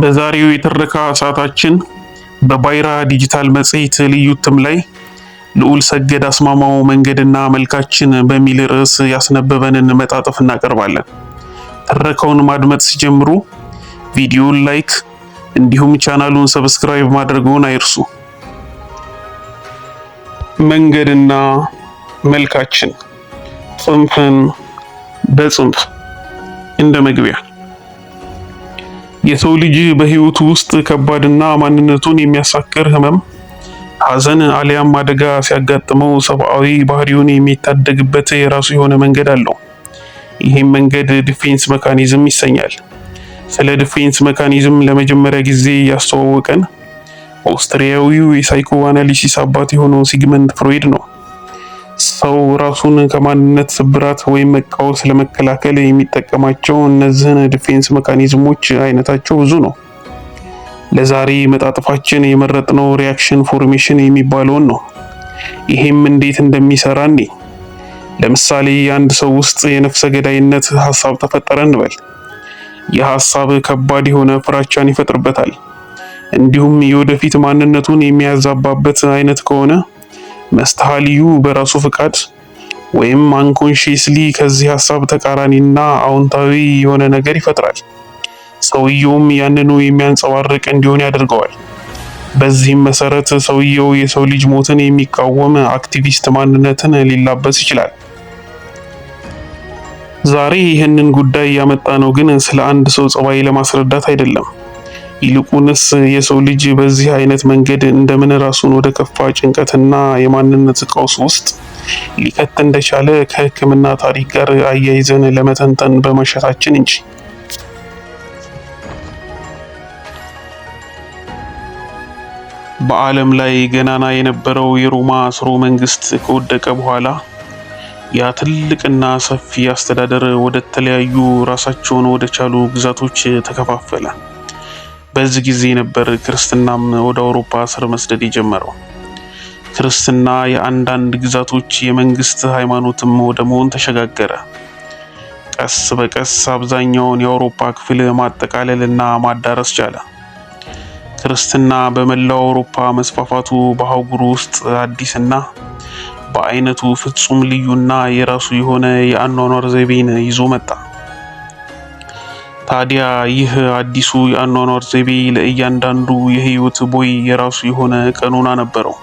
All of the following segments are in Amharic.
በዛሬው የትረካ ሰዓታችን በባይራ ዲጂታል መጽሔት ልዩ እትም ላይ ልዑል ሰገድ አስማማው መንገድና መልካችን በሚል ርዕስ ያስነበበንን መጣጥፍ እናቀርባለን። ትረካውን ማድመጥ ሲጀምሩ ቪዲዮን ላይክ እንዲሁም ቻናሉን ሰብስክራይብ ማድረጉን አይርሱ። መንገድና መልካችን ጽንፍን በጽንፍ እንደ መግቢያ የሰው ልጅ በህይወቱ ውስጥ ከባድና ማንነቱን የሚያሳክር ህመም፣ ሐዘን አሊያም አደጋ ሲያጋጥመው ሰብአዊ ባህሪውን የሚታደግበት የራሱ የሆነ መንገድ አለው። ይህም መንገድ ዲፌንስ መካኒዝም ይሰኛል። ስለ ዲፌንስ መካኒዝም ለመጀመሪያ ጊዜ ያስተዋወቀን ኦስትሪያዊው የሳይኮ አናሊሲስ አባት የሆነው ሲግመንት ፍሮይድ ነው። ሰው ራሱን ከማንነት ስብራት ወይም መቃወስ ለመከላከል የሚጠቀማቸው እነዚህን ዲፌንስ መካኒዝሞች አይነታቸው ብዙ ነው። ለዛሬ መጣጥፋችን የመረጥነው ሪያክሽን ፎርሜሽን የሚባለውን ነው። ይሄም እንዴት እንደሚሰራ እንዴ ለምሳሌ የአንድ ሰው ውስጥ የነፍሰ ገዳይነት ሀሳብ ተፈጠረ እንበል። ይህ ሀሳብ ከባድ የሆነ ፍራቻን ይፈጥርበታል። እንዲሁም የወደፊት ማንነቱን የሚያዛባበት አይነት ከሆነ መስተሃልዩ በራሱ ፍቃድ ወይም አንኮንሺየስሊ ከዚህ ሀሳብ ተቃራኒና አዎንታዊ የሆነ ነገር ይፈጥራል። ሰውየውም ያንኑ የሚያንጸባርቅ እንዲሆን ያደርገዋል። በዚህም መሰረት ሰውየው የሰው ልጅ ሞትን የሚቃወም አክቲቪስት ማንነትን ሊላበስ ይችላል። ዛሬ ይህንን ጉዳይ ያመጣ ነው ግን ስለ አንድ ሰው ጸባይ ለማስረዳት አይደለም። ይልቁንስ የሰው ልጅ በዚህ አይነት መንገድ እንደምን ራሱን ወደ ከፋ ጭንቀትና የማንነት ቀውስ ውስጥ ሊከት እንደቻለ ከሕክምና ታሪክ ጋር አያይዘን ለመተንተን በመሸታችን እንጂ። በዓለም ላይ ገናና የነበረው የሮማ ስርወ መንግስት ከወደቀ በኋላ ያ ትልቅና ሰፊ አስተዳደር ወደ ተለያዩ ራሳቸውን ወደ ቻሉ ግዛቶች ተከፋፈለ። በዚህ ጊዜ ነበር ክርስትናም ወደ አውሮፓ ስር መስደድ የጀመረው። ክርስትና የአንዳንድ ግዛቶች የመንግስት ሃይማኖትም ወደ መሆን ተሸጋገረ። ቀስ በቀስ አብዛኛውን የአውሮፓ ክፍል ማጠቃለልና ማዳረስ ቻለ። ክርስትና በመላው አውሮፓ መስፋፋቱ በአህጉሩ ውስጥ አዲስና በአይነቱ ፍጹም ልዩና የራሱ የሆነ የአኗኗር ዘይቤን ይዞ መጣ። ታዲያ ይህ አዲሱ የአኗኗር ዘይቤ ለእያንዳንዱ የህይወት ቦይ የራሱ የሆነ ቀኖና ነበረው።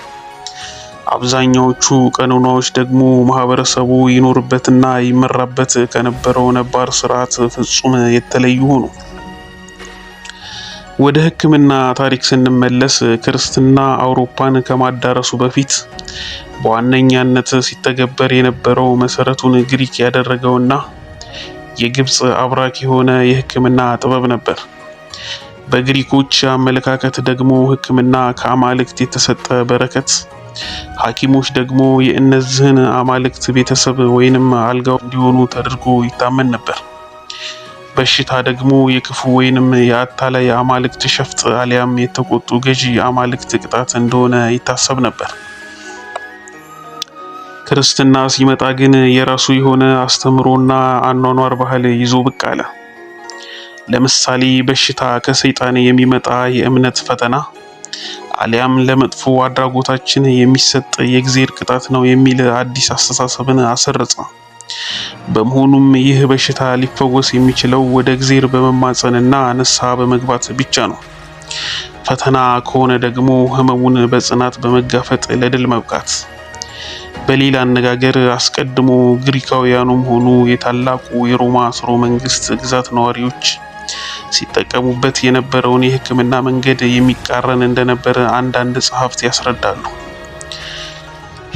አብዛኛዎቹ ቀኖናዎች ደግሞ ማህበረሰቡ ይኖርበትና ይመራበት ከነበረው ነባር ስርዓት ፍጹም የተለዩ ሆኑ። ወደ ሕክምና ታሪክ ስንመለስ ክርስትና አውሮፓን ከማዳረሱ በፊት በዋነኛነት ሲተገበር የነበረው መሰረቱን ግሪክ ያደረገውና የግብፅ አብራክ የሆነ የህክምና ጥበብ ነበር። በግሪኮች አመለካከት ደግሞ ህክምና ከአማልክት የተሰጠ በረከት፣ ሐኪሞች ደግሞ የእነዚህን አማልክት ቤተሰብ ወይንም አልጋው እንዲሆኑ ተደርጎ ይታመን ነበር። በሽታ ደግሞ የክፉ ወይንም የአታላይ አማልክት ሸፍጥ አሊያም የተቆጡ ገዢ አማልክት ቅጣት እንደሆነ ይታሰብ ነበር። ክርስትና ሲመጣ ግን የራሱ የሆነ አስተምሮና አኗኗር ባህል ይዞ ብቅ አለ። ለምሳሌ በሽታ ከሰይጣን የሚመጣ የእምነት ፈተና አሊያም ለመጥፎ አድራጎታችን የሚሰጥ የእግዚአብሔር ቅጣት ነው የሚል አዲስ አስተሳሰብን አሰረጸ። በመሆኑም ይህ በሽታ ሊፈወስ የሚችለው ወደ እግዚአብሔር በመማጸንና ንስሐ በመግባት ብቻ ነው። ፈተና ከሆነ ደግሞ ህመሙን በጽናት በመጋፈጥ ለድል መብቃት በሌላ አነጋገር አስቀድሞ ግሪካውያኑም ሆኑ የታላቁ የሮማ ስሮ መንግስት ግዛት ነዋሪዎች ሲጠቀሙበት የነበረውን የሕክምና መንገድ የሚቃረን እንደነበረ አንዳንድ ጸሐፍት ያስረዳሉ።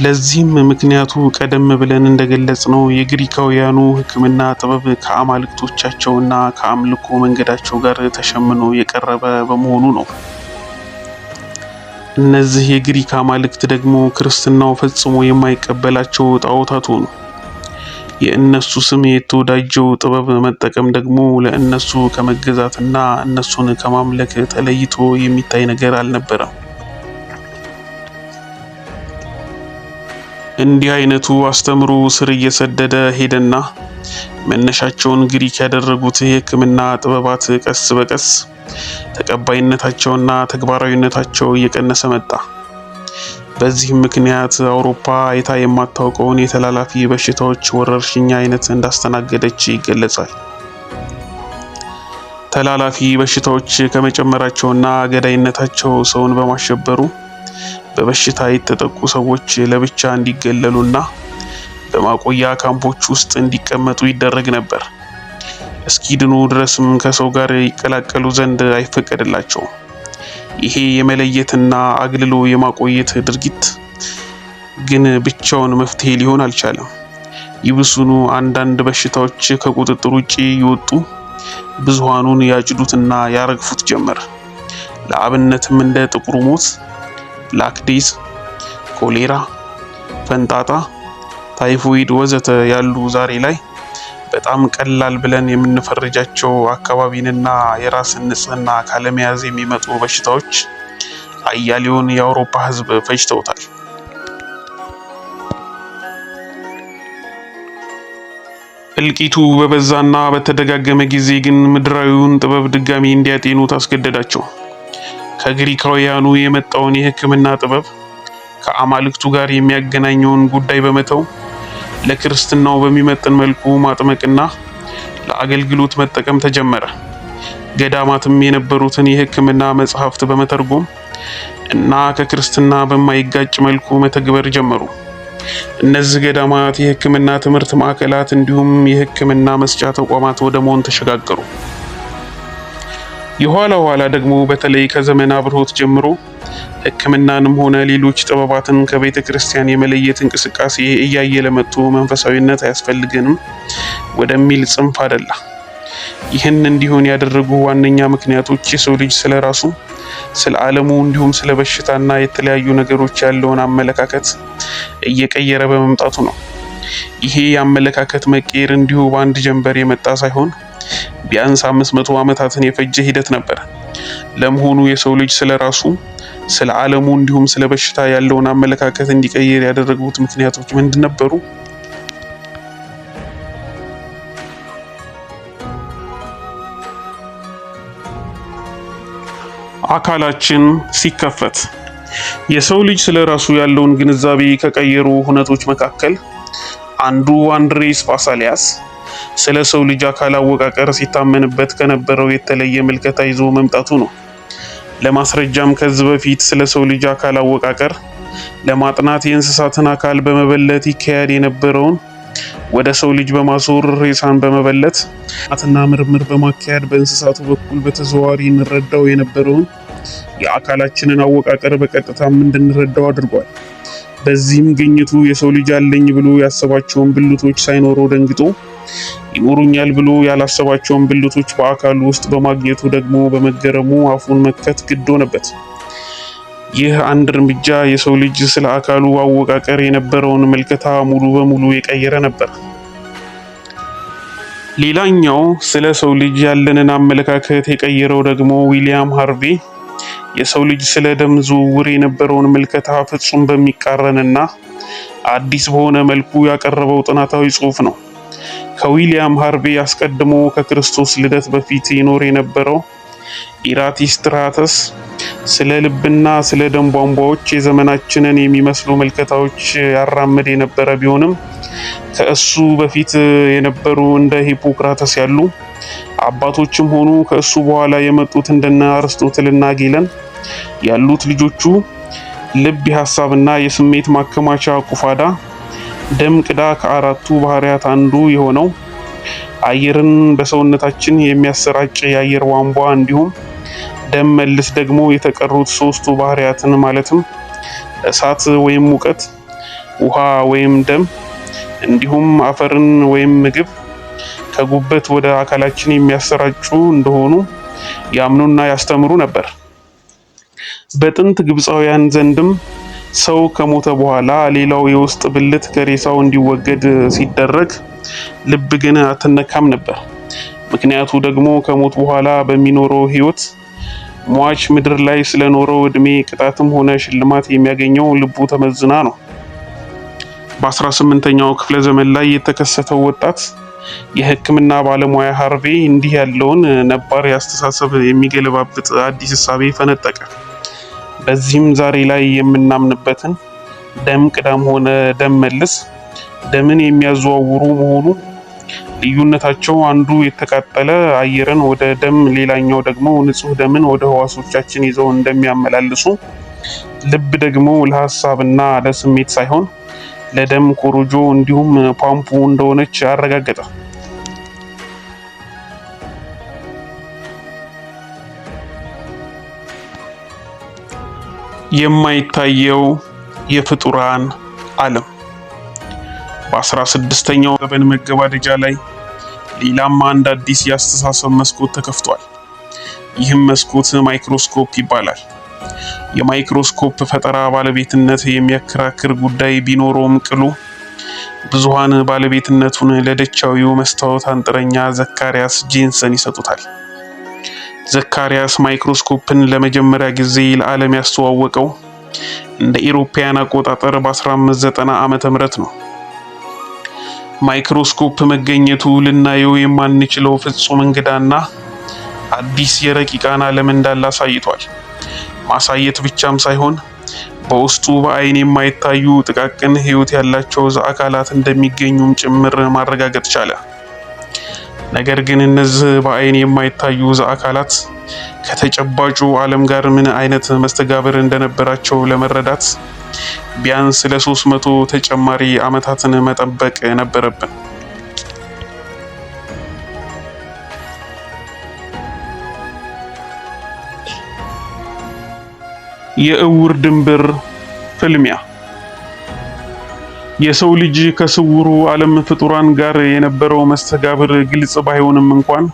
ለዚህም ምክንያቱ ቀደም ብለን እንደገለጽ ነው። የግሪካውያኑ ሕክምና ጥበብ ከአማልክቶቻቸው እና ከአምልኮ መንገዳቸው ጋር ተሸምኖ የቀረበ በመሆኑ ነው። እነዚህ የግሪክ አማልክት ደግሞ ክርስትናው ፈጽሞ የማይቀበላቸው ጣዖታት ሆኑ። የእነሱ ስም የተወዳጀው ጥበብ መጠቀም ደግሞ ለእነሱ ከመገዛትና እነሱን ከማምለክ ተለይቶ የሚታይ ነገር አልነበረም። እንዲህ አይነቱ አስተምሮ ስር እየሰደደ ሄደና መነሻቸውን ግሪክ ያደረጉት የሕክምና ጥበባት ቀስ በቀስ ተቀባይነታቸውና ተግባራዊነታቸው እየቀነሰ መጣ። በዚህም ምክንያት አውሮፓ አይታ የማታውቀውን የተላላፊ በሽታዎች ወረርሽኝ አይነት እንዳስተናገደች ይገለጻል። ተላላፊ በሽታዎች ከመጨመራቸውና ገዳይነታቸው ሰውን በማሸበሩ በበሽታ የተጠቁ ሰዎች ለብቻ እንዲገለሉና በማቆያ ካምፖች ውስጥ እንዲቀመጡ ይደረግ ነበር። እስኪድኑ ድረስም ከሰው ጋር ይቀላቀሉ ዘንድ አይፈቀድላቸውም። ይሄ የመለየትና አግልሎ የማቆየት ድርጊት ግን ብቻውን መፍትሄ ሊሆን አልቻለም። ይብሱኑ አንዳንድ በሽታዎች ከቁጥጥር ውጪ ይወጡ ብዙሃኑን ያጭዱትና ያረግፉት ጀመር። ለአብነትም እንደ ጥቁሩ ሞት፣ ብላክ ዴዝ፣ ኮሌራ፣ ፈንጣጣ፣ ታይፎይድ ወዘተ ያሉ ዛሬ ላይ በጣም ቀላል ብለን የምንፈርጃቸው አካባቢንና የራስን ንጽህና ካለመያዝ የሚመጡ በሽታዎች አያሌውን የአውሮፓ ህዝብ ፈጅተውታል። እልቂቱ በበዛና በተደጋገመ ጊዜ ግን ምድራዊውን ጥበብ ድጋሚ እንዲያጤኑት አስገደዳቸው። ከግሪካውያኑ የመጣውን የህክምና ጥበብ ከአማልክቱ ጋር የሚያገናኘውን ጉዳይ በመተው ለክርስትናው በሚመጥን መልኩ ማጥመቅና ለአገልግሎት መጠቀም ተጀመረ። ገዳማትም የነበሩትን የሕክምና መጽሐፍት በመተርጎም እና ከክርስትና በማይጋጭ መልኩ መተግበር ጀመሩ። እነዚህ ገዳማት የሕክምና ትምህርት ማዕከላት እንዲሁም የሕክምና መስጫ ተቋማት ወደ መሆን ተሸጋገሩ። የኋላ ኋላ ደግሞ በተለይ ከዘመን አብርሆት ጀምሮ ሕክምናንም ሆነ ሌሎች ጥበባትን ከቤተ ክርስቲያን የመለየት እንቅስቃሴ እያየለ ለመጡ መንፈሳዊነት አያስፈልገንም ወደሚል ጽንፍ አደላ። ይህን እንዲሆን ያደረጉ ዋነኛ ምክንያቶች የሰው ልጅ ስለ ራሱ፣ ስለ ዓለሙ እንዲሁም ስለ በሽታና የተለያዩ ነገሮች ያለውን አመለካከት እየቀየረ በመምጣቱ ነው። ይሄ የአመለካከት መቀየር እንዲሁ በአንድ ጀንበር የመጣ ሳይሆን ቢያንስ 500 ዓመታትን የፈጀ ሂደት ነበር። ለመሆኑ የሰው ልጅ ስለ ራሱ፣ ስለ ዓለሙ እንዲሁም ስለ በሽታ ያለውን አመለካከት እንዲቀይር ያደረጉት ምክንያቶች ምንድን ነበሩ? አካላችን ሲከፈት የሰው ልጅ ስለ ራሱ ያለውን ግንዛቤ ከቀየሩ ሁነቶች መካከል አንዱ አንድሬስ ፓሳሊያስ ስለ ሰው ልጅ አካል አወቃቀር ሲታመንበት ከነበረው የተለየ ምልከታ ይዞ መምጣቱ ነው። ለማስረጃም ከዚህ በፊት ስለ ሰው ልጅ አካል አወቃቀር ለማጥናት የእንስሳትን አካል በመበለት ይካሄድ የነበረውን ወደ ሰው ልጅ በማዞር ሬሳን በመበለት ጥናትና ምርምር በማካሄድ በእንስሳቱ በኩል በተዘዋዋሪ እንረዳው የነበረውን የአካላችንን አወቃቀር በቀጥታም እንድንረዳው አድርጓል። በዚህም ግኝቱ የሰው ልጅ አለኝ ብሎ ያሰባቸውን ብልቶች ሳይኖረው ደንግጦ ይኖሩኛል ብሎ ያላሰባቸውን ብልቶች በአካሉ ውስጥ በማግኘቱ ደግሞ በመገረሙ አፉን መክፈት ግድ ሆነበት። ይህ አንድ እርምጃ የሰው ልጅ ስለ አካሉ አወቃቀር የነበረውን ምልከታ ሙሉ በሙሉ የቀየረ ነበር። ሌላኛው ስለ ሰው ልጅ ያለንን አመለካከት የቀየረው ደግሞ ዊሊያም ሃርቬ የሰው ልጅ ስለ ደም ዝውውር የነበረውን ምልከታ ፍጹም በሚቃረንና አዲስ በሆነ መልኩ ያቀረበው ጥናታዊ ጽሑፍ ነው። ከዊሊያም ሃርቪ አስቀድሞ ከክርስቶስ ልደት በፊት ይኖር የነበረው ኢራቲስትራተስ ስለ ልብና ስለ ደም ቧንቧዎች የዘመናችንን የሚመስሉ ምልከታዎች ያራምድ የነበረ ቢሆንም ከእሱ በፊት የነበሩ እንደ ሂፖክራተስ ያሉ አባቶችም ሆኑ ከእሱ በኋላ የመጡት እንደነ አርስቶትልና ጌለን ያሉት ልጆቹ ልብ የሀሳብና የስሜት ማከማቻ ቁፋዳ ደም ቅዳ ከአራቱ ባህሪያት አንዱ የሆነው አየርን በሰውነታችን የሚያሰራጭ የአየር ቧንቧ እንዲሁም ደም መልስ ደግሞ የተቀሩት ሶስቱ ባህሪያትን ማለትም እሳት ወይም ሙቀት፣ ውሃ ወይም ደም እንዲሁም አፈርን ወይም ምግብ ከጉበት ወደ አካላችን የሚያሰራጩ እንደሆኑ ያምኑና ያስተምሩ ነበር። በጥንት ግብፃውያን ዘንድም ሰው ከሞተ በኋላ ሌላው የውስጥ ብልት ከሬሳው እንዲወገድ ሲደረግ ልብ ግን አትነካም ነበር። ምክንያቱ ደግሞ ከሞት በኋላ በሚኖረው ህይወት ሟች ምድር ላይ ስለኖረው እድሜ ቅጣትም ሆነ ሽልማት የሚያገኘው ልቡ ተመዝና ነው። በ18ኛው ክፍለ ዘመን ላይ የተከሰተው ወጣት የህክምና ባለሙያ ሀርቬ እንዲህ ያለውን ነባር አስተሳሰብ የሚገለባብጥ አዲስ እሳቤ ፈነጠቀ። በዚህም ዛሬ ላይ የምናምንበትን ደም ቅዳም ሆነ ደም መልስ ደምን የሚያዘዋውሩ መሆኑ ልዩነታቸው አንዱ የተቃጠለ አየርን ወደ ደም ሌላኛው ደግሞ ንጹህ ደምን ወደ ህዋሶቻችን ይዘው እንደሚያመላልሱ ልብ ደግሞ ለሀሳብና ለስሜት ሳይሆን ለደም ኮሮጆ እንዲሁም ፓምፑ እንደሆነች አረጋገጠ። የማይታየው የፍጡራን ዓለም በአስራ ስድስተኛው ዘመን መገባደጃ ላይ ሌላም አንድ አዲስ የአስተሳሰብ መስኮት ተከፍቷል። ይህም መስኮት ማይክሮስኮፕ ይባላል። የማይክሮስኮፕ ፈጠራ ባለቤትነት የሚያከራክር ጉዳይ ቢኖረውም ቅሉ ብዙሃን ባለቤትነቱን ለደቻዊው መስታወት አንጥረኛ ዘካሪያስ ጄንሰን ይሰጡታል። ዘካሪያስ ማይክሮስኮፕን ለመጀመሪያ ጊዜ ለዓለም ያስተዋወቀው እንደ ኢሮፓያን አቆጣጠር በ1590 ዓመተ ምህረት ነው። ማይክሮስኮፕ መገኘቱ ልናየው የማንችለው ፍጹም እንግዳና አዲስ የረቂቃን ዓለም እንዳለ አሳይቷል። ማሳየት ብቻም ሳይሆን በውስጡ በአይን የማይታዩ ጥቃቅን ሕይወት ያላቸው አካላት እንደሚገኙም ጭምር ማረጋገጥ ቻለ። ነገር ግን እነዚህ በአይን የማይታዩ አካላት ከተጨባጩ ዓለም ጋር ምን አይነት መስተጋብር እንደነበራቸው ለመረዳት ቢያንስ ለ መቶ ተጨማሪ ዓመታትን መጠበቅ ነበረብን። የእውር ድንብር ፍልሚያ የሰው ልጅ ከስውሩ ዓለም ፍጡራን ጋር የነበረው መስተጋብር ግልጽ ባይሆንም እንኳን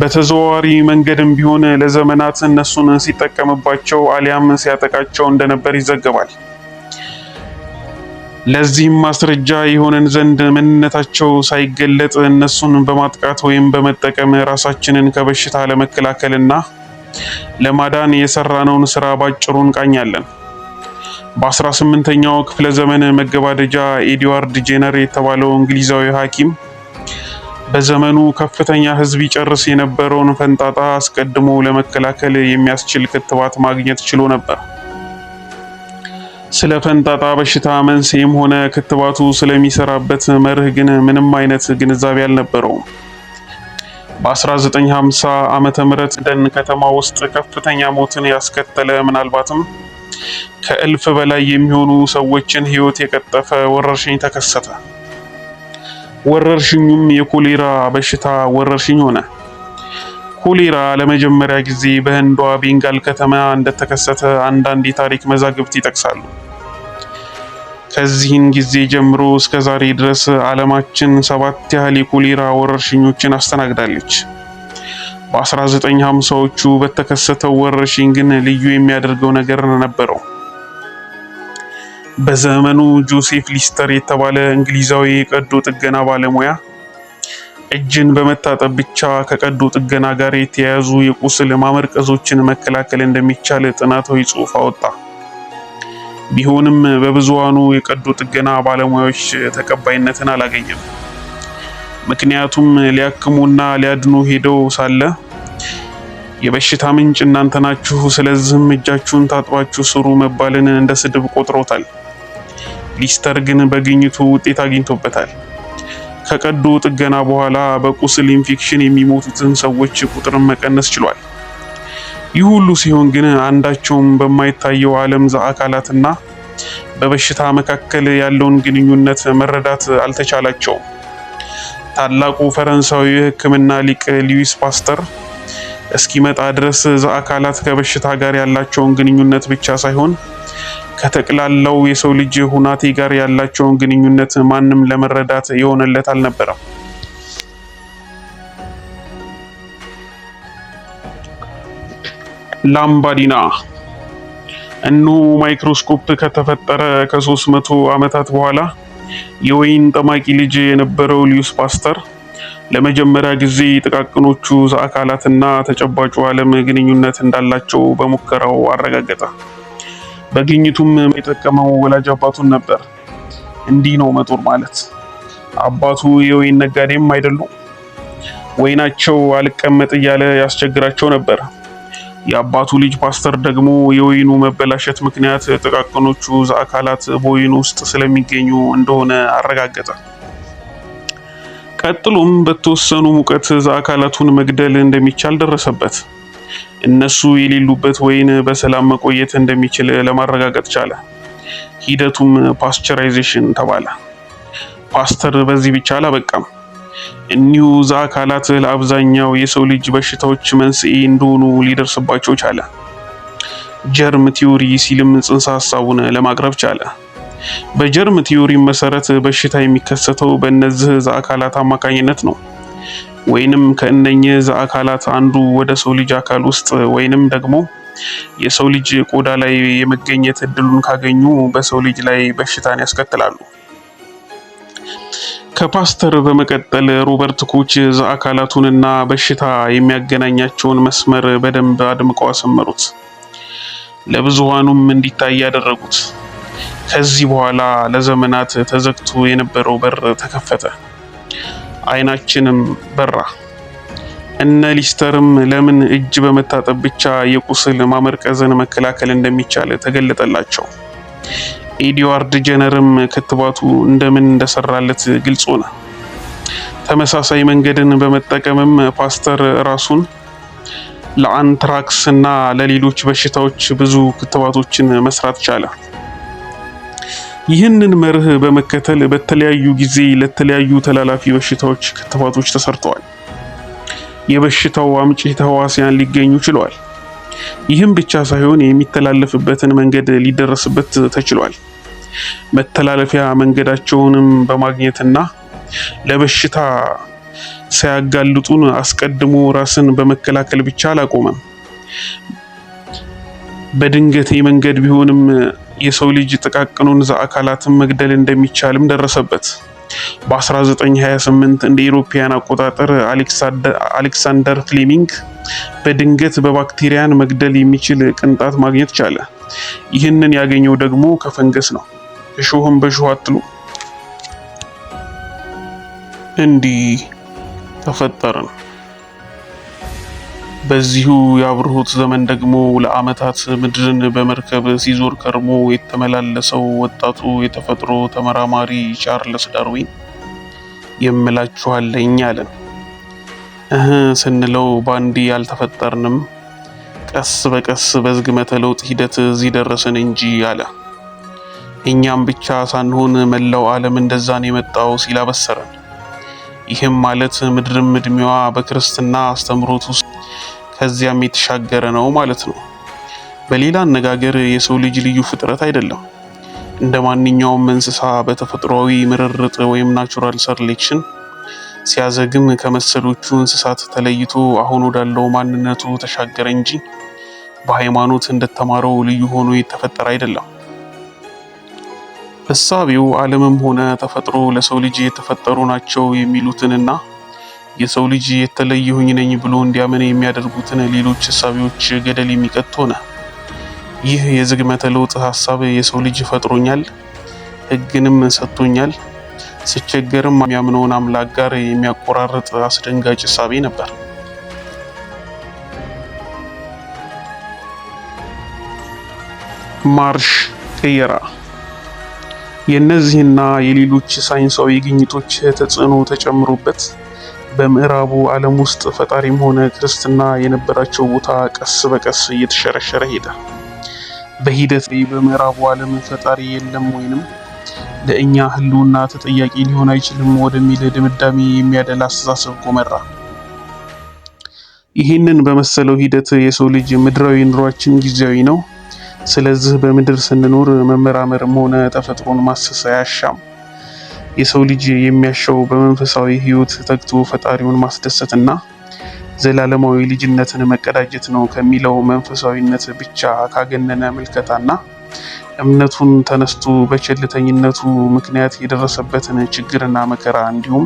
በተዘዋዋሪ መንገድም ቢሆን ለዘመናት እነሱን ሲጠቀምባቸው አሊያም ሲያጠቃቸው እንደነበር ይዘገባል። ለዚህም ማስረጃ የሆነን ዘንድ ምንነታቸው ሳይገለጥ እነሱን በማጥቃት ወይም በመጠቀም ራሳችንን ከበሽታ ለመከላከልና ለማዳን የሰራነውን ስራ ባጭሩ እንቃኛለን። በ18ኛው ክፍለ ዘመን መገባደጃ ኤድዋርድ ጄነር የተባለው እንግሊዛዊ ሐኪም በዘመኑ ከፍተኛ ሕዝብ ይጨርስ የነበረውን ፈንጣጣ አስቀድሞ ለመከላከል የሚያስችል ክትባት ማግኘት ችሎ ነበር። ስለ ፈንጣጣ በሽታ መንስኤም ሆነ ክትባቱ ስለሚሰራበት መርህ ግን ምንም አይነት ግንዛቤ አልነበረውም። በ1950 ዓመተ ምህረት ደን ከተማ ውስጥ ከፍተኛ ሞትን ያስከተለ ምናልባትም ከእልፍ በላይ የሚሆኑ ሰዎችን ሕይወት የቀጠፈ ወረርሽኝ ተከሰተ። ወረርሽኙም የኮሌራ በሽታ ወረርሽኝ ሆነ። ኮሌራ ለመጀመሪያ ጊዜ በህንዷ ቤንጋል ከተማ እንደተከሰተ አንዳንድ የታሪክ መዛግብት ይጠቅሳሉ። ከዚህን ጊዜ ጀምሮ እስከ ዛሬ ድረስ ዓለማችን ሰባት ያህል የኮሌራ ወረርሽኞችን አስተናግዳለች። በ1950ዎቹ በተከሰተው ወረርሽኝ ግን ልዩ የሚያደርገው ነገር ነበረው። በዘመኑ ጆሴፍ ሊስተር የተባለ እንግሊዛዊ የቀዶ ጥገና ባለሙያ እጅን በመታጠብ ብቻ ከቀዶ ጥገና ጋር የተያያዙ የቁስል ማመርቀዞችን መከላከል እንደሚቻል ጥናታዊ ጽሑፍ አወጣ። ቢሆንም በብዙሃኑ የቀዶ ጥገና ባለሙያዎች ተቀባይነትን አላገኘም። ምክንያቱም ሊያክሙና ሊያድኑ ሄደው ሳለ የበሽታ ምንጭ እናንተ ናችሁ፣ ስለዚህም እጃችሁን ታጥባችሁ ስሩ መባልን እንደ ስድብ ቆጥሮታል። ሊስተር ግን በግኝቱ ውጤት አግኝቶበታል። ከቀዶ ጥገና በኋላ በቁስል ኢንፌክሽን የሚሞቱትን ሰዎች ቁጥርን መቀነስ ችሏል። ይህ ሁሉ ሲሆን ግን አንዳቸውም በማይታየው ዓለም አካላትና በበሽታ መካከል ያለውን ግንኙነት መረዳት አልተቻላቸውም። ታላቁ ፈረንሳዊ ህክምና ሊቅ ሉዊስ ፓስተር እስኪመጣ ድረስ አካላት ከበሽታ ጋር ያላቸውን ግንኙነት ብቻ ሳይሆን ከጠቅላላው የሰው ልጅ ሁናቴ ጋር ያላቸውን ግንኙነት ማንም ለመረዳት የሆነለት አልነበረም። ላምባዲና እኑ ማይክሮስኮፕ ከተፈጠረ ከሶስት መቶ ዓመታት በኋላ የወይን ጠማቂ ልጅ የነበረው ሊዩስ ፓስተር ለመጀመሪያ ጊዜ ጥቃቅኖቹ አካላትና ተጨባጩ ዓለም ግንኙነት እንዳላቸው በሙከራው አረጋገጠ። በግኝቱም የጠቀመው ወላጅ አባቱን ነበር። እንዲህ ነው መጦር ማለት። አባቱ የወይን ነጋዴም አይደሉም። ወይናቸው አልቀመጥ እያለ ያስቸግራቸው ነበር። የአባቱ ልጅ ፓስተር ደግሞ የወይኑ መበላሸት ምክንያት ጥቃቅኖቹ አካላት በወይኑ ውስጥ ስለሚገኙ እንደሆነ አረጋገጠ። ቀጥሎም በተወሰኑ ሙቀት አካላቱን መግደል እንደሚቻል ደረሰበት። እነሱ የሌሉበት ወይን በሰላም መቆየት እንደሚችል ለማረጋገጥ ቻለ። ሂደቱም ፓስቸራይዜሽን ተባለ። ፓስተር በዚህ ብቻ አላበቃም። ዛ አካላት ለአብዛኛው የሰው ልጅ በሽታዎች መንስኤ እንደሆኑ ሊደርስባቸው ቻለ። ጀርም ቲዮሪ ሲልም ጽንሰ ሀሳቡን ለማቅረብ ቻለ። በጀርም ቲዮሪ መሰረት በሽታ የሚከሰተው በእነዚህ እዛ አካላት አማካኝነት ነው ወይንም ከእነኚህ ዛ አካላት አንዱ ወደ ሰው ልጅ አካል ውስጥ ወይንም ደግሞ የሰው ልጅ ቆዳ ላይ የመገኘት እድሉን ካገኙ በሰው ልጅ ላይ በሽታን ያስከትላሉ። ከፓስተር በመቀጠል ሮበርት ኩች አካላቱንና በሽታ የሚያገናኛቸውን መስመር በደንብ አድምቀው አሰመሩት፣ ለብዙሃኑም እንዲታይ ያደረጉት። ከዚህ በኋላ ለዘመናት ተዘግቶ የነበረው በር ተከፈተ፣ አይናችንም በራ። እነ ሊስተርም ለምን እጅ በመታጠብ ብቻ የቁስል ማመርቀዝን መከላከል እንደሚቻል ተገለጠላቸው። ኤድዋርድ ጀነርም ክትባቱ እንደምን እንደሰራለት ግልጽ ሆነ። ተመሳሳይ መንገድን በመጠቀምም ፓስተር ራሱን ለአንትራክስ እና ለሌሎች በሽታዎች ብዙ ክትባቶችን መስራት ቻለ። ይህንን መርህ በመከተል በተለያዩ ጊዜ ለተለያዩ ተላላፊ በሽታዎች ክትባቶች ተሰርተዋል። የበሽታው አምጪ ተህዋሲያን ሊገኙ ችለዋል። ይህም ብቻ ሳይሆን የሚተላለፍበትን መንገድ ሊደረስበት ተችሏል። መተላለፊያ መንገዳቸውንም በማግኘትና ለበሽታ ሳያጋልጡን አስቀድሞ ራስን በመከላከል ብቻ አላቆመም። በድንገት መንገድ ቢሆንም የሰው ልጅ ጥቃቅኑን አካላትን መግደል እንደሚቻልም ደረሰበት። በ1928 እንደ ኢሮፓያን አቆጣጠር አሌክሳንደር ፍሌሚንግ በድንገት በባክቴሪያን መግደል የሚችል ቅንጣት ማግኘት ቻለ። ይህንን ያገኘው ደግሞ ከፈንገስ ነው። እሾህን በእሾህ አትሉ። እንዲህ ተፈጠርን። በዚሁ የአብርሆት ዘመን ደግሞ ለዓመታት ምድርን በመርከብ ሲዞር ከርሞ የተመላለሰው ወጣቱ የተፈጥሮ ተመራማሪ ቻርልስ ዳርዊን የምላችኋለኝ አለን። እህ ስንለው ባንዴ አልተፈጠርንም፣ ቀስ በቀስ በዝግመተ ለውጥ ሂደት እዚህ ደረስን እንጂ አለ። እኛም ብቻ ሳንሆን መላው ዓለም እንደዛን የመጣው ሲል አበሰረን። ይህም ማለት ምድርም እድሜዋ በክርስትና አስተምሮት ውስጥ ከዚያም የተሻገረ ነው ማለት ነው። በሌላ አነጋገር የሰው ልጅ ልዩ ፍጥረት አይደለም። እንደ ማንኛውም እንስሳ በተፈጥሯዊ ምርርጥ ወይም ናቹራል ሰሌክሽን ሲያዘግም ከመሰሎቹ እንስሳት ተለይቶ አሁን ወዳለው ማንነቱ ተሻገረ እንጂ በሃይማኖት እንደተማረው ልዩ ሆኖ የተፈጠረ አይደለም። ፍሳቢው ዓለምም ሆነ ተፈጥሮ ለሰው ልጅ የተፈጠሩ ናቸው የሚሉትንና የሰው ልጅ የተለየሁኝ ነኝ ብሎ እንዲያምን የሚያደርጉትን ሌሎች እሳቢዎች ገደል የሚቀጥ ሆነ። ይህ የዝግመተ ለውጥ ሀሳብ የሰው ልጅ ፈጥሮኛል፣ ሕግንም ሰጥቶኛል፣ ስቸገርም የሚያምነውን አምላክ ጋር የሚያቆራርጥ አስደንጋጭ እሳቤ ነበር። ማርሽ ቀየራ የእነዚህና የሌሎች ሳይንሳዊ ግኝቶች ተጽዕኖ ተጨምሮበት በምዕራቡ ዓለም ውስጥ ፈጣሪም ሆነ ክርስትና የነበራቸው ቦታ ቀስ በቀስ እየተሸረሸረ ሄደ። በሂደት ላይ በምዕራቡ ዓለም ፈጣሪ የለም ወይንም ለእኛ ሕልውና ተጠያቂ ሊሆን አይችልም ወደሚል ድምዳሜ የሚያደላ አስተሳሰብ ጎመራ። ይህንን በመሰለው ሂደት የሰው ልጅ ምድራዊ ኑሯችን ጊዜያዊ ነው ስለዚህ በምድር ስንኖር መመራመርም ሆነ ተፈጥሮን ማሰስ አያሻም። የሰው ልጅ የሚያሻው በመንፈሳዊ ሕይወት ተግቶ ፈጣሪውን ማስደሰትና ዘላለማዊ ልጅነትን መቀዳጀት ነው ከሚለው መንፈሳዊነት ብቻ ካገነነ ምልከታና እምነቱን ተነስቶ በቸልተኝነቱ ምክንያት የደረሰበትን ችግርና መከራ እንዲሁም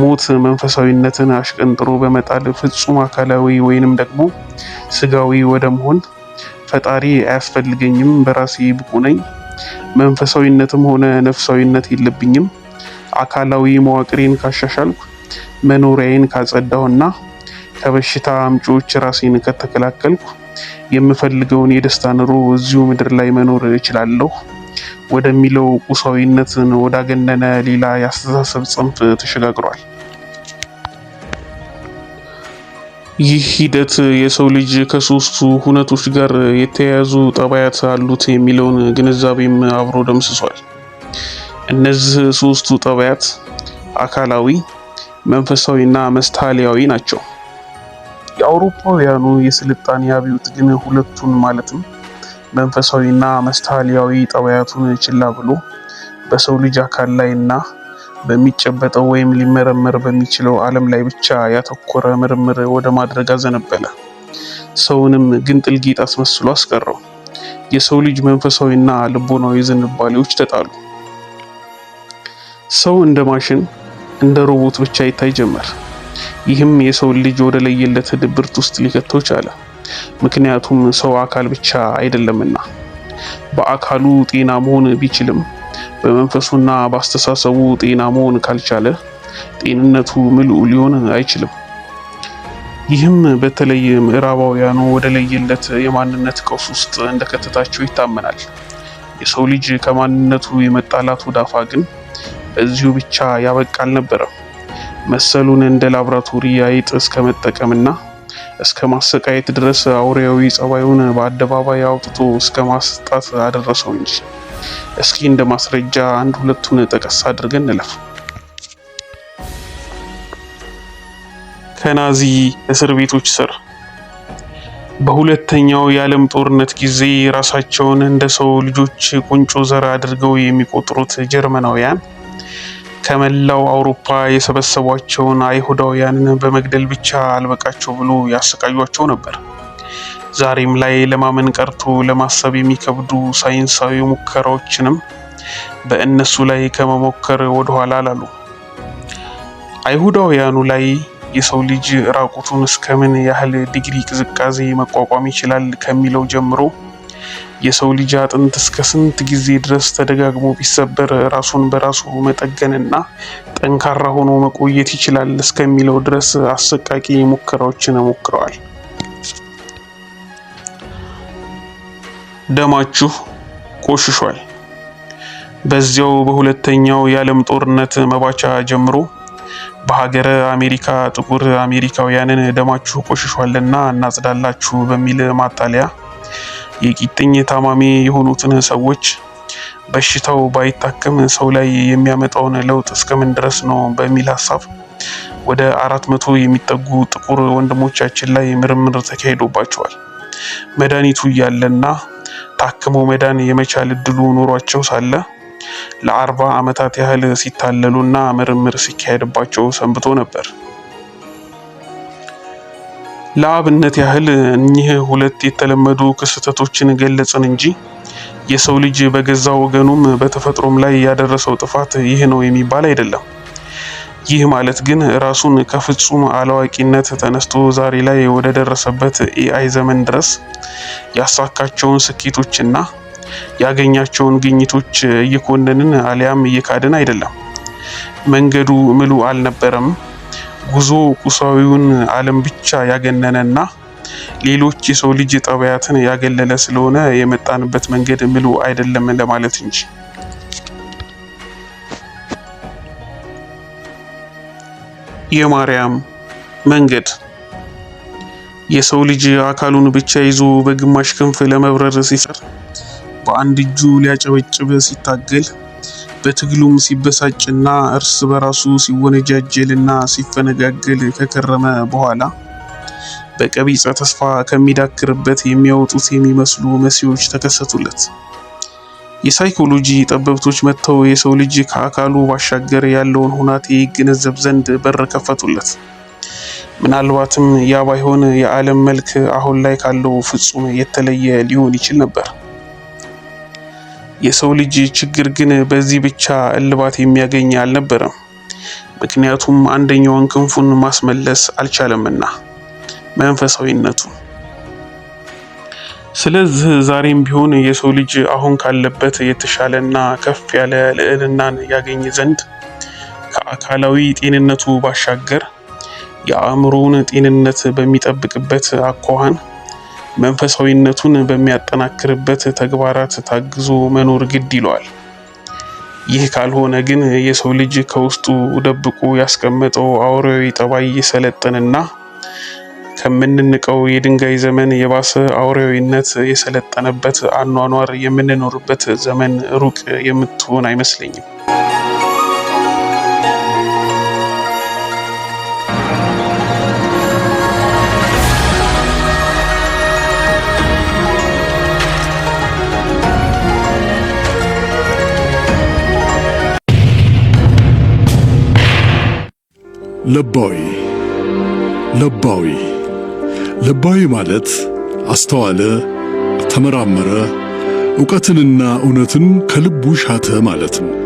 ሞት መንፈሳዊነትን አሽቀንጥሮ በመጣል ፍጹም አካላዊ ወይንም ደግሞ ስጋዊ ወደ መሆን ፈጣሪ አያስፈልገኝም፣ በራሴ ብቁ ነኝ፣ መንፈሳዊነትም ሆነ ነፍሳዊነት የለብኝም፣ አካላዊ መዋቅሬን ካሻሻልኩ፣ መኖሪያዬን ካጸዳሁና ከበሽታ አምጪዎች ራሴን ከተከላከልኩ የምፈልገውን የደስታ ኑሮ እዚሁ ምድር ላይ መኖር እችላለሁ ወደሚለው ቁሳዊነትን ወዳገነነ ሌላ የአስተሳሰብ ጽንፍ ተሸጋግሯል። ይህ ሂደት የሰው ልጅ ከሶስቱ ሁነቶች ጋር የተያያዙ ጠባያት አሉት የሚለውን ግንዛቤም አብሮ ደምስሷል። እነዚህ ሶስቱ ጠባያት አካላዊ፣ መንፈሳዊና መስታሊያዊ ናቸው። የአውሮፓውያኑ የስልጣኔ አብዮት ግን ሁለቱን ማለትም መንፈሳዊና መስታሊያዊ ጠባያቱን ችላ ብሎ በሰው ልጅ አካል ላይ እና በሚጨበጠው ወይም ሊመረመር በሚችለው ዓለም ላይ ብቻ ያተኮረ ምርምር ወደ ማድረግ አዘነበለ። ሰውንም ግንጥል ጌጥ አስመስሎ አስቀረው። የሰው ልጅ መንፈሳዊና ልቦናዊ ዝንባሌዎች ተጣሉ። ሰው እንደ ማሽን፣ እንደ ሮቦት ብቻ ይታይ ጀመር። ይህም የሰው ልጅ ወደ ለየለት ድብርት ውስጥ ሊከተው ቻለ። ምክንያቱም ሰው አካል ብቻ አይደለምና በአካሉ ጤና መሆን ቢችልም በመንፈሱና በአስተሳሰቡ ጤና መሆን ካልቻለ ጤንነቱ ምልኡ ሊሆን አይችልም። ይህም በተለይ ምዕራባውያኑ ወደ ለየለት የማንነት ቀውስ ውስጥ እንደከተታቸው ይታመናል። የሰው ልጅ ከማንነቱ የመጣላቱ ዳፋ ግን በዚሁ ብቻ ያበቃ አልነበረም። መሰሉን እንደ ላብራቶሪ አይጥ እስከ መጠቀምና እስከ ማሰቃየት ድረስ አውሬያዊ ጸባዩን በአደባባይ አውጥቶ እስከ ማስጣት አደረሰው እንጂ እስኪ እንደ ማስረጃ አንድ ሁለቱን ጠቀስ አድርገን እንለፍ። ከናዚ እስር ቤቶች ስር በሁለተኛው የዓለም ጦርነት ጊዜ ራሳቸውን እንደ ሰው ልጆች ቁንጮ ዘር አድርገው የሚቆጥሩት ጀርመናውያን ከመላው አውሮፓ የሰበሰቧቸውን አይሁዳውያንን በመግደል ብቻ አልበቃቸው ብሎ ያሰቃዩቸው ነበር። ዛሬም ላይ ለማመን ቀርቶ ለማሰብ የሚከብዱ ሳይንሳዊ ሙከራዎችንም በእነሱ ላይ ከመሞከር ወደኋላ አላሉ። አይሁዳውያኑ ላይ የሰው ልጅ ራቁቱን እስከምን ያህል ዲግሪ ቅዝቃዜ መቋቋም ይችላል ከሚለው ጀምሮ የሰው ልጅ አጥንት እስከ ስንት ጊዜ ድረስ ተደጋግሞ ቢሰበር ራሱን በራሱ መጠገንና ጠንካራ ሆኖ መቆየት ይችላል እስከሚለው ድረስ አሰቃቂ ሙከራዎችን ሞክረዋል። ደማችሁ ቆሽሿል። በዚያው በሁለተኛው የዓለም ጦርነት መባቻ ጀምሮ በሀገረ አሜሪካ ጥቁር አሜሪካውያንን ደማችሁ ቆሽሿልና እናጽዳላችሁ በሚል ማጣለያ የቂጥኝ ታማሚ የሆኑትን ሰዎች በሽታው ባይታከም ሰው ላይ የሚያመጣውን ለውጥ እስከምን ድረስ ነው በሚል ሀሳብ ወደ አራት መቶ የሚጠጉ ጥቁር ወንድሞቻችን ላይ ምርምር ተካሂዶባቸዋል። መድኃኒቱ እያለና ታክሞ መዳን የመቻል እድሉ ኑሯቸው ሳለ ለአርባ ዓመታት ያህል ሲታለሉና ምርምር ሲካሄድባቸው ሰንብቶ ነበር። ለአብነት ያህል እኚህ ሁለት የተለመዱ ክስተቶችን ገለጽን እንጂ የሰው ልጅ በገዛ ወገኑም በተፈጥሮም ላይ ያደረሰው ጥፋት ይህ ነው የሚባል አይደለም። ይህ ማለት ግን ራሱን ከፍጹም አላዋቂነት ተነስቶ ዛሬ ላይ ወደ ደረሰበት ኤአይ ዘመን ድረስ ያሳካቸውን ስኬቶችና ያገኛቸውን ግኝቶች እየኮነንን አሊያም እየካድን አይደለም። መንገዱ ምሉ አልነበረም። ጉዞ ቁሳዊውን ዓለም ብቻ ያገነነና ሌሎች የሰው ልጅ ጠባያትን ያገለለ ስለሆነ የመጣንበት መንገድ ምሉ አይደለም ለማለት እንጂ የማርያም መንገድ የሰው ልጅ አካሉን ብቻ ይዞ በግማሽ ክንፍ ለመብረር ሲሰር፣ በአንድ እጁ ሊያጨበጭብ ሲታገል፣ በትግሉም ሲበሳጭና እርስ በራሱ ሲወነጃጀልና ሲፈነጋገል ከከረመ በኋላ በቀቢጸ ተስፋ ከሚዳክርበት የሚያወጡት የሚመስሉ መሲዎች ተከሰቱለት። የሳይኮሎጂ ጠበብቶች መጥተው የሰው ልጅ ከአካሉ ባሻገር ያለውን ሁናቴ ይገነዘብ ዘንድ በር ከፈቱለት። ምናልባትም ያ ባይሆን የዓለም መልክ አሁን ላይ ካለው ፍጹም የተለየ ሊሆን ይችል ነበር። የሰው ልጅ ችግር ግን በዚህ ብቻ እልባት የሚያገኝ አልነበረም። ምክንያቱም አንደኛውን ክንፉን ማስመለስ አልቻለምና መንፈሳዊነቱን። ስለዚህ ዛሬም ቢሆን የሰው ልጅ አሁን ካለበት የተሻለና ከፍ ያለ ልዕልናን ያገኝ ዘንድ ከአካላዊ ጤንነቱ ባሻገር የአእምሮውን ጤንነት በሚጠብቅበት አኳኋን መንፈሳዊነቱን በሚያጠናክርበት ተግባራት ታግዞ መኖር ግድ ይለዋል። ይህ ካልሆነ ግን የሰው ልጅ ከውስጡ ደብቆ ያስቀመጠው አውሬያዊ ጠባይ የሰለጠንና ከምንንቀው የድንጋይ ዘመን የባሰ አውሬያዊነት የሰለጠነበት አኗኗር የምንኖርበት ዘመን ሩቅ የምትሆን አይመስለኝም። ልባዊ ልባዊ ለባዊ ማለት አስተዋለ፣ ተመራመረ፣ እውቀትንና እውነትን ከልቡ ሻተ ማለት ነው።